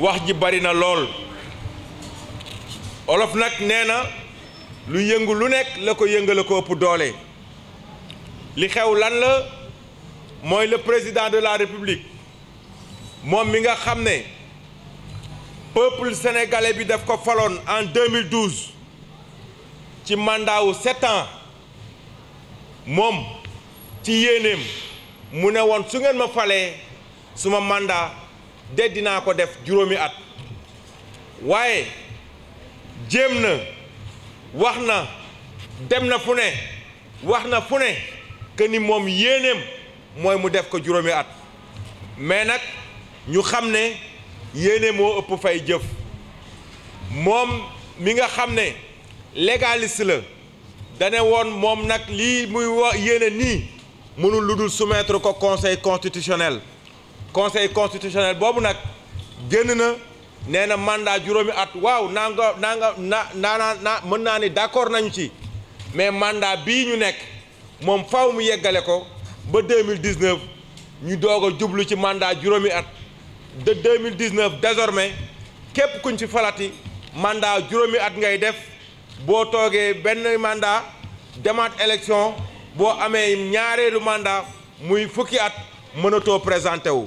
wax ji bari na lool olof nag nee na lu yëngu lu nekk la ko yëngale ko ëpp doole li xew lan la mooy le président de la république moom mi nga xam ne peuple sénégalais bi def ko faloon en 2012 ci mandat wu sept ans moom ci yéeneem mu ne woon su ngeen ma falee suma màndaa de dinaa ko def juróomi at waaye jéem na wax na dem na fu ne wax na fu ne que ni moom yéeneem mooy mu def ko juróomi at mais nag ñu xam ne yéene moo ëpp fay jëf moom mi nga xam ne légaliste la dane woon moom nag lii muy wa yéene nii mënul lu dul soumettre ko conseil constitutionnel conseil constitutionnel boobu nag génn na nee na mandat juróomi at waaw nanga nanga naa nga na mën naa ni d'accord nañu ci mais mandat bii ñu nekk moom faw mu yeggale ko ba 2019 ñu doog a jublu ci mandat juróomi at de 2019 désormais képp kuñ ci falati mandat juróomi at ngay def boo toogee benn mandat demaat élection boo amee ñaareelu mandat muy fukki at mënatoo présenté wu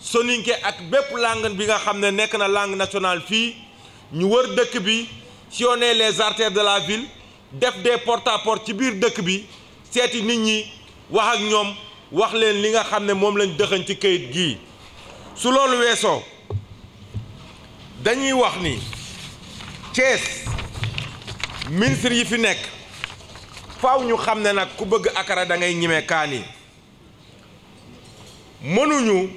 soninke ak bépp langue bi nga xam ne nekk na làng nationale fii ñu wër dëkk bi sillonner les artères de la ville def des porte ci biir dëkk bi seeti nit ñi wax ak ñoom wax leen li nga xam ne moom lañ dëxañ ci kayit gii su loolu weesoo dañuy wax ni Thiès ministre yi fi nekk faw ñu xam ne nag ku bëgg akara da ngay ñime kaani mënuñu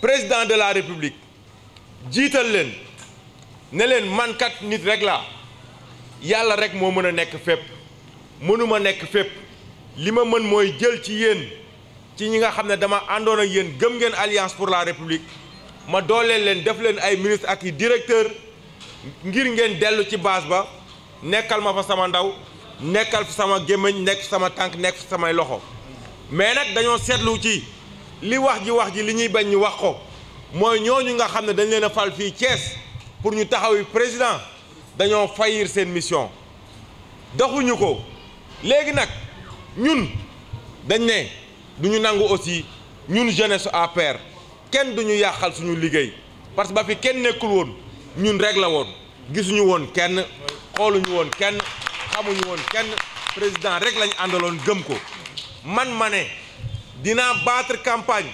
président de la république jiital leen ne leen mankat nit rek laa yàlla rek moo mën a nekk fépp mënuma nekk fépp li ma mën mooy jël ci yéen ci ñi nga xam ne dama àndoon a yéen gëm ngeen alliance pour la république ma dooleel leen def leen ay ministre ak yi directeur ngir ngeen dellu ci baas ba nekkal ma fa sama ndaw nekkal sama gémmiñ nekk sama tànk nekk fi samay loxo mais nag dañoo seetlu ci li wax ji wax ji li ñuy bañ ñu wax ko mooy ñu nga xam ne dañ leen fal fii Thiès pour ñu taxaw président dañoo fayir seen mission doxuñu ko léegi nag ñun dañ ne duñu nangu aussi ñun jeunesse APR kenn duñu yàqal suñu liggéey parce que ba fi kenn nekkul woon ñun rek la woon gisuñu woon kenn xooluñu woon kenn xamuñu woon kenn président rek lañu àndaloon gëm ko man ma ne dina battre campagne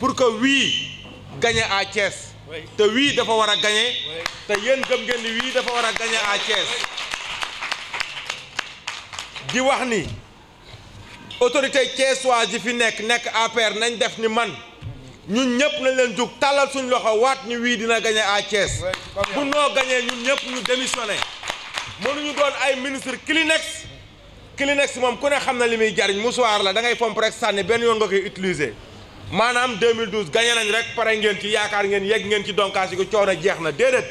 pour que wii gagné à Thiès te wii dafa war a gañe te yéen gëm ngeen ni wii dafa war a gagné à di wax ni autorité thiessoise ji fi nekk nekk APR nañ def ni man ñun ñëpp nañ leen jug tàllal suñ loxo waat ni wii dina gagné à Thiès bu noo gañee ñun ñëpp ñu démissionné mënuñu doon ay ministre Kleenex Kleenex moom ku ne xam na li muy jariñ mouchoir la dangay ngay fomp rek sànni benn yoon nga koy utiliser maanaam 2012 gagné nañ rek pare ngeen ci yaakaar ngeen yegg ngeen ci donkaas yi ko coono jeex na déedéet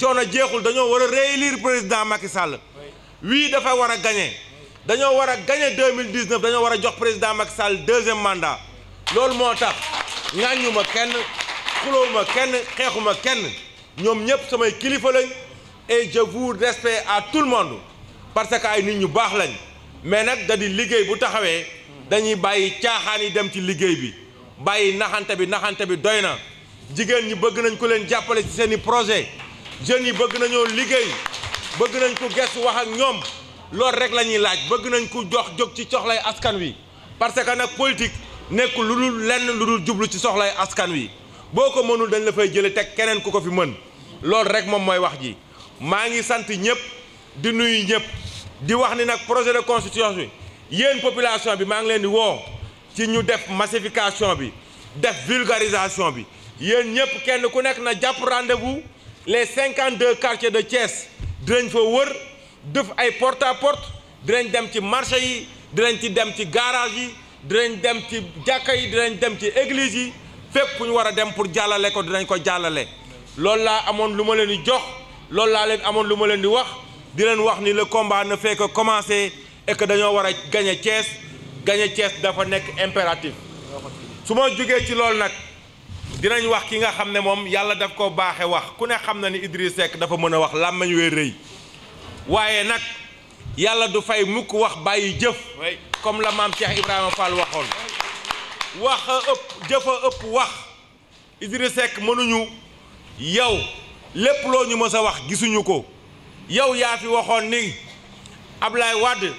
coono jeexul dañoo war a réélire président Macky Sall wii dafa war a gagné dañoo war a gagné 2019 dañoo war a jox président Macky Sall deuxième mandat lool moo tax ŋàññuma kenn xulóowuma kenn xeexuma kenn ñoom ñëpp samay kilifa lañ et je vous respecte à tout le monde parce que nit ñu baax lañ mais nag da liggéey bu taxawee dañuy bàyyi caaxaan yi dem ci liggéey bi bàyyi naxante bi naxante bi doy na jigéen ñi bëgg nañ ku leen jàppale ci seen i projet jeunes yi bëgg nañoo liggéey bëgg nañ ko gestu wax ak ñoom loolu rek la ñuy laaj bëgg nañ ko jox jóg ci soxlay askan wi parce que nag politique nekk lu dul lenn lu dul jublu ci soxlay askan wi boo ko mënul dañ la fay jële teg keneen ku ko fi mën loolu rek moom mooy wax ji maa ngi sant ñëpp di nuyu ñëpp di wax ni nag projet de constitution bi yéen population bi maa ngi leen di woo ci ñu def massification bi def vulgarisation bi yéen ñëpp kenn ku nekk na jàpp rendez-vous les cinquante deux quartiers de Thiès dinañ fa wër def ay porte à porte dinañ dem ci marché yi dinañ ci dem ci garage yi dinañ dem ci jàkka yi dinañ dem ci église yi fépp fu ñu war a dem pour jàllale ko dinañ ko jàllale loolu laa amoon lu ma leen di jox loolu laa leen amoon lu ma leen di wax di leen wax ni le combat ne fait que dañoo war a gagner Thiès gagner Thiès dafa nekk impératif su ma jógee ci loolu nag dinañ wax ki nga xam ne moom yàlla daf ko baaxe wax ku ne xam na ni Idriss Seck dafa mën a wax làmmañ wee rëy waaye nag yàlla du fay mukk wax bàyyi jëf comme la maam Cheikh Ibrahima fal waxoon wax a ëpp jëf a ëpp wax Idriss Seck mënuñu yow lépp loo ñu mës a wax gisuñu ko yow yaa fi waxoon ni ab Ablaye Wade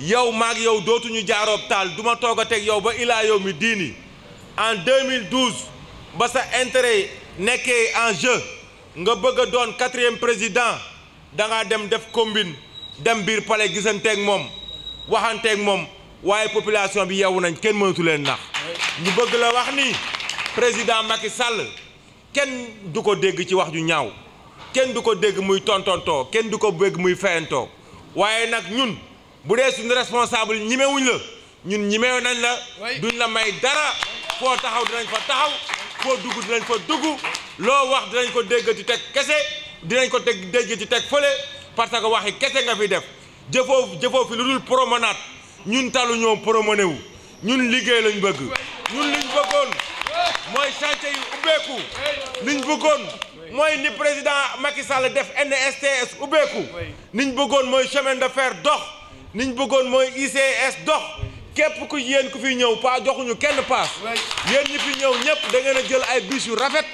yow maag yow dootuñu jaaroob taal duma toog a teg yow ba ilaa yow mi diini en 2012 ba sa intérêt nekkee en jeu nga bëgg a doon quatrième président dangaa dem def combine dem biir palais gisanteeg moom waxanteeg moom waaye population bi yeewu nañ kenn mënatu leen nax ñu bëgg la wax ni président Macky Sall kenn du ko dégg ci wax ju ñaaw kenn du ko dégg muy tontontoo kenn du ko bégg muy fayantoo waaye nag ñun bu dee suñu responsable ñimewuñ la ñun ñimew nañ la duñ la may dara foo taxaw dinañ fa taxaw foo dugg dinañ fa dugg loo wax dinañ ko dégg déggati teg kese dinañ ko dégg déggati teg fële parce que waxi kese nga fi def jëfoo jëfoo fi lu dul promenade ñun talu ñoo promené wu ñun liggéey lañ bëgg ñun liñ bëggoon mooy chantier yu ubbeeku liñ bëggoon mooy ni président Macky Sall def NSTS ubbeeku ñu bëggoon mooy chemin de fer dox ñu bëggoon mooy ICS dox képp ku yéen ku fi ñëw pa joxuñu kenn paas yéen ñi fi ñëw ñëpp da ngeen a jël ay bus yu rafet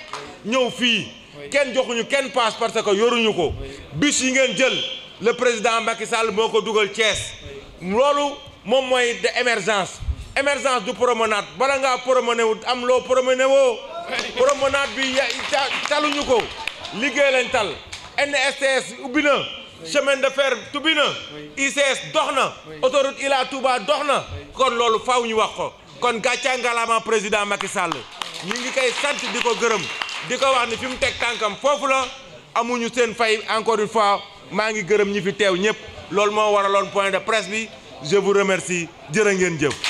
ñëw fii kenn joxuñu kenn paas parce que yoruñu ko bus yi ngeen jël le président Macky Sall moo ko dugal Thiès loolu moom mooy de émergence émergence du promenade bala ngaa promené wu am loo promené woo promenade bi ya taluñu ko liggéey lañ tal NSTS ubbi na chemin de fer tubbi na ICS dox na autoroute Ila Touba dox na kon loolu faw ñu wax ko kon gàcca ngalaama président Macky Sall ñu ngi koy sant di ko gërëm di ko wax ni fi mu teg tànkam foofu la amuñu seen fay encore une fois maa ngi gërëm ñi fi teew ñëpp loolu moo waraloon point de presse bi je vous remercie jërë ngeen jëf